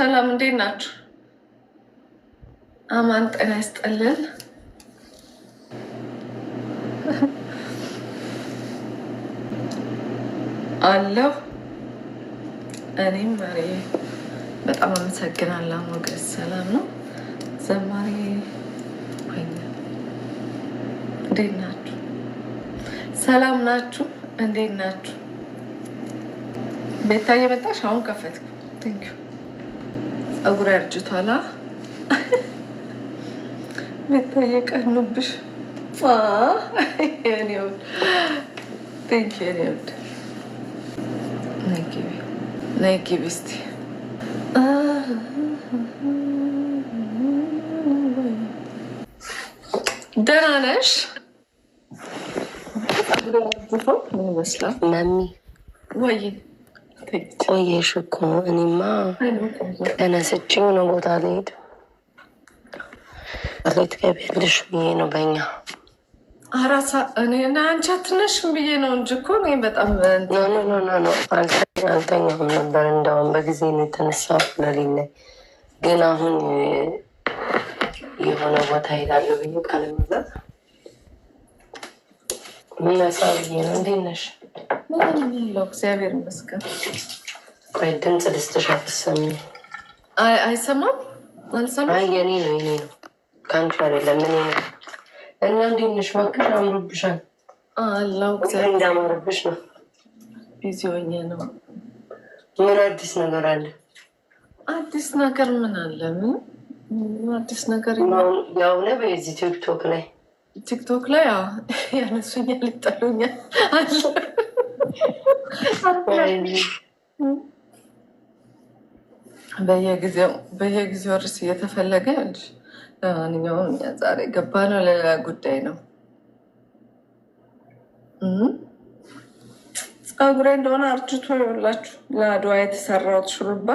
ሰላም እንዴት ናችሁ? አማን ጤና ይስጠልን። አለሁ እኔም መሪ በጣም አመሰግናለሁ። ሞገስ ሰላም ነው። ዘማሪ እንዴት ናችሁ? ሰላም ናችሁ? እንዴት ናችሁ? ቤታዬ መጣሽ? አሁን ከፈትኩ። ቴንኪው ጸጉር ያርጅቷላ። ቤታዬ ቀኑብሽ። ነይ ግቢ እስኪ ደህና ነሽ? ምን ይመስላል? ማሚ ወይ ቆየሽ እኮ እኔማ ተነስቼ የሆነ ቦታ ልሄድ ሌት ገቢያለሽ ብዬ ነው። በእኛ አራሳ አንቺ አትነሽም ብዬ ነው እንጂ እኮ እኔ በጣም ነበር። እንደውም በጊዜ ነው ለሌለ ግን አሁን የሆነ ቦታ ሄዳለሁ ብዬ ምዛ ምነሳ ብዬ ነው። እንዴት ነሽ? ምንም የለው እግዚአብሔር ይመስገን። ወይ ድምፅ ደስተሻ ትሰሚ አይሰማም? አልሰማም። አይ የኔ ነው የኔ ነው ከአንቺ አይደለም። እኔ ነው እና እንዴት ነሽ? እባክሽ አምሮብሻል። አላው እንዳማረብሽ ነው። ቢዚ ሆኜ ነው። ምን አዲስ ነገር አለ? አዲስ ነገር ምን አለ? ምን አዲስ ነገር ያው ነው በዚህ ቲክቶክ ላይ ቲክቶክ ላይ ያነሱኛል፣ ይጠሉኛል። በየጊዜው እርስ እየተፈለገ ለማንኛውም ዛሬ ገባ ነው ለሌላ ጉዳይ ነው። ፀጉሬ እንደሆነ አርጅቶ ይኸውላችሁ ለአድዋ የተሰራሁት ሹሩባ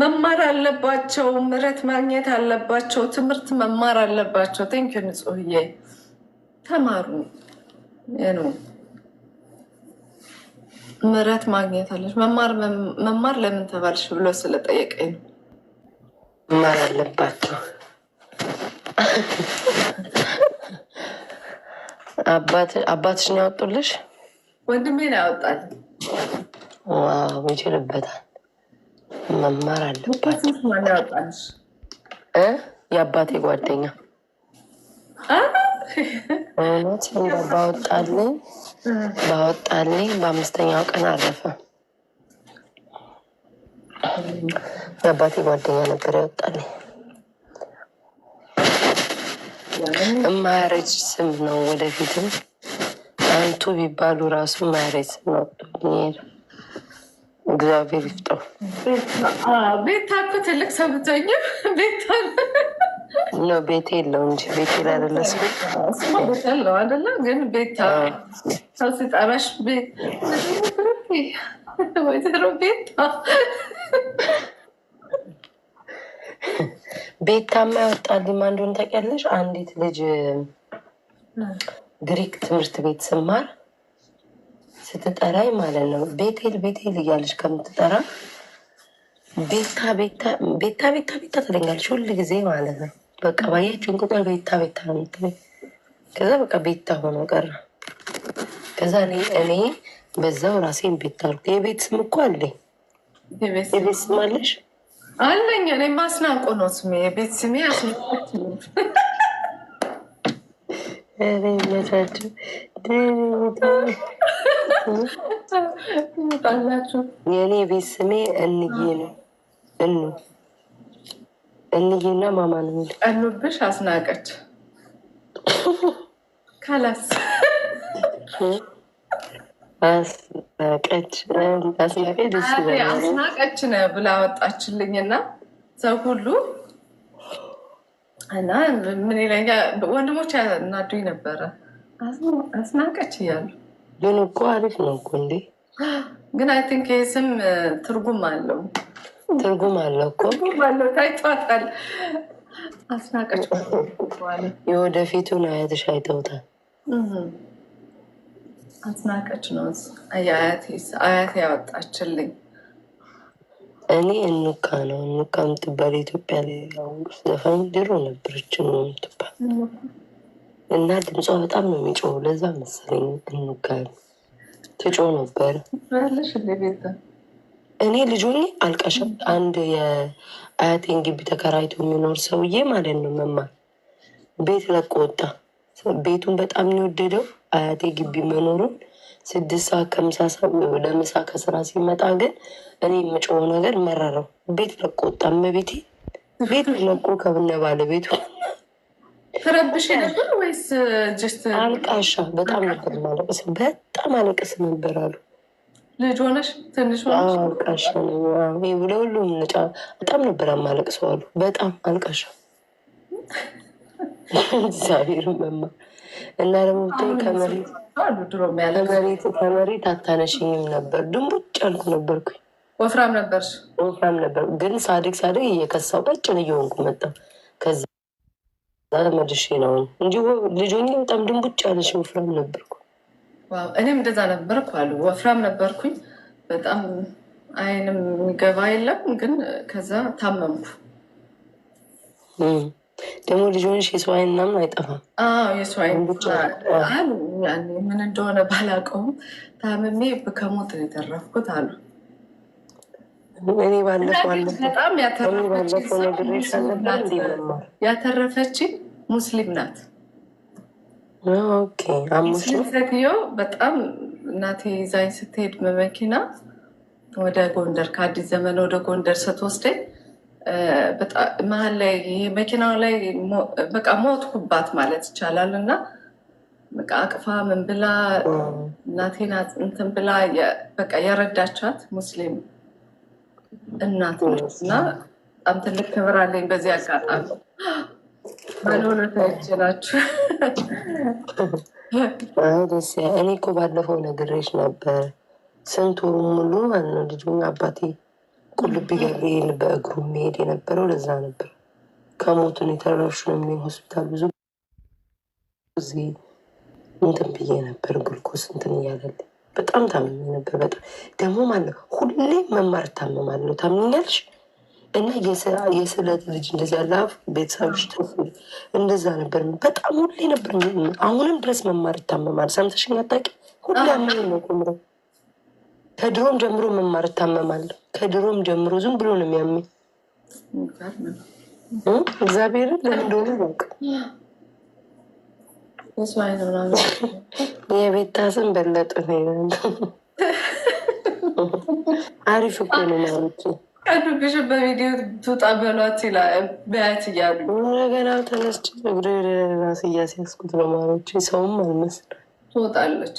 መማር አለባቸው። ምረት ማግኘት አለባቸው። ትምህርት መማር አለባቸው። ቴንኪ ንጹህዬ፣ ተማሩ ነው ምረት ማግኘት አለች። መማር ለምን ተባልሽ ብሎ ስለጠየቀኝ ነው። መማር አለባቸው። አባትሽን ያወጡልሽ? ወንድሜን ያወጣል። ይችልበታል መማር አለባት። የአባቴ ጓደኛ እውነት እንደ ባወጣልኝ ባወጣልኝ በአምስተኛው ቀን አረፈ። የአባቴ ጓደኛ ነበር ያወጣልኝ። የማያረጅ ስም ነው። ወደፊትም አንቱ ቢባሉ ራሱ የማያረጅ ስም ነው። እግዚአብሔር ይፍጠው። ቤታ እኮ ትልቅ ሰው ቤታ ቤት ቤት የለው እንጂ ቤት ላለለስ ለው አይደለ? ግን ቤታ ሰው ሲጠራሽ ቤት ወይዘሮ ቤታ ቤታማ ያወጣልኝ ማን እንደሆነ ታውቂያለሽ? አንዲት ልጅ ግሪክ ትምህርት ቤት ስማር ስትጠራኝ ማለት ነው ቤቴል ቤቴል እያለች ከምትጠራ ቤታ ቤታ ቤታ ቤታ ቤታ ትለኛለች ሁል ጊዜ ማለት ነው። በቃ ባያችሁን ቁጥር ቤታ ቤታ ነው ምት ከዛ በቃ ቤታ ሆኖ ቀረ። ከዛ እኔ በዛው ራሴን ቤታ አልኩ። የቤት ስም እኮ አለኝ። የቤት ስም አለሽ? አለኝ። እኔ ማስናንቆ ነው ስሜ። የቤት ስሜ ነው። አስናቆ የእኔ ቤት ስሜ እንዬ ነው። እኑ እንዬና ማማ ነው የሚል እኑብሽ አስናቀች ከላስ አስናቀች አስናቀች ብላ ሰው ሁሉ እና ምን ይለኛል ወንድሞች እናዱኝ ነበረ አስናቀች እያሉ ግን እኮ አሪፍ ነው እኮ እንዴ! ግን አይ ቲንክ ይህ ስም ትርጉም አለው፣ ትርጉም አለው እኮ አለው። ታይቷታል፣ አስናቀች። የወደፊቱን አያትሽ አይተውታል። አስናቀች ነው አያቴ ያወጣችልኝ። እኔ እንካ ነው እንካ የምትባል ኢትዮጵያ ላይ ዘፋኝ ድሮ ነበረች ነው የምትባል እና ድምጿ በጣም ነው የሚጮው። ለዛ መሰለኝ እንጋል ትጮ ነበር። እኔ ልጆኝ አልቀሸም። አንድ የአያቴን ግቢ ተከራይቶ የሚኖር ሰውዬ ማለት ነው መማር ቤት ለቆ ወጣ። ቤቱን በጣም የሚወደደው አያቴ ግቢ መኖሩን ስድስት ሰዓት ከምሳ ለምሳ ከስራ ሲመጣ ግን እኔ የምጮው ነገር መረረው። ቤት ለቆ ወጣ። እመቤቴ ቤት ለቆ ከብነ ባለቤቱ ነበር ወይስ አልቃሻ? በጣም ነበር ማለቅስ፣ በጣም አለቅስ ነበር አሉ። ልጅ ሆነሽ ትንሽ አልቃሻ ለሁሉም ነጫ በጣም ነበር አሉ። በጣም አልቃሻ እግዚአብሔር መማ እና ደግሞ ከመሬት ከመሬት አታነሽኝም ነበር። ድንቡጭ አልኩ ነበርኩኝ። ወፍራም ነበር ወፍራም ነበር፣ ግን ሳድግ ሳድግ እየከሳው ቀጭን እየሆንኩ መጣ ከዚ አለመድሽ ነው እንጂ ልጆኝ በጣም ድንቡጭ ወፍራም ነበርኩ። እኔም እንደዛ ነበርኩ አሉ ወፍራም ነበርኩኝ። በጣም አይንም የሚገባ የለም ግን ከዛ ታመምኩ። ደግሞ ልጆንሽ የሰው አይን ምናምን አይጠፋም። የሰው አይን ምን እንደሆነ ባላውቀውም ታምሜ ከሞት ነው የተረፍኩት አሉ እኔ ባለፈው በጣም ያተረፈችኝ ሙስሊም ናት። ሴትዮ በጣም እናቴ ይዛኝ ስትሄድ በመኪና ወደ ጎንደር ከአዲስ ዘመን ወደ ጎንደር ስትወስደኝ መሀል ላይ ይሄ መኪናው ላይ በቃ ሞትኩባት ማለት ይቻላል። እና በቃ አቅፋ ምን ብላ እናቴን እንትን ብላ በቃ የረዳቻት ሙስሊም እናት ነች እና በጣም ትልቅ ክብር አለኝ። በዚህ አጋጣሚ ባልሆነ ታይችላችሁ። እኔ እኮ ባለፈው ነግሬሽ ነበር። ስንት ወሩ ሙሉ ማለት ነው ልጁ አባቴ ቁልቢ ገብርኤል በእግሩ መሄድ የነበረው ለዛ ነበር። ከሞቱን የተረሹ ነው ሆስፒታል ብዙ ጊዜ እንትን ብዬ ነበር። ጉልኮስ እንትን እያለልኝ በጣም ታምሜ ነበር። በጣም ደግሞ ማለት ሁሌ መማር ታምማለሁ። ታምኛለሽ እና የስዕለት ልጅ እንደዚህ ያለ ቤተሰብሽ እንደዛ ነበር። በጣም ሁሌ ነበር። አሁንም ድረስ መማር ይታመማል። ሰምተሽኝ አታውቂ? ሁሌ አመኝ ነው ቁምሮ ከድሮም ጀምሮ መማር እታመማለሁ። ከድሮም ጀምሮ ዝም ብሎ ነው የሚያመኝ። እግዚአብሔርን ለምን እንደሆነ በቃ የቤታ ስም በለጡ አሪፍ እኮ ነው ማለት ቀዱብሽ በቪዲዮ ትውጣ በሏት በያት እያሉ ገና ተነስቼ እግሬ ራስ እያስያዝኩት ነው ማሮች ሰውም አልመስል ትወጣለች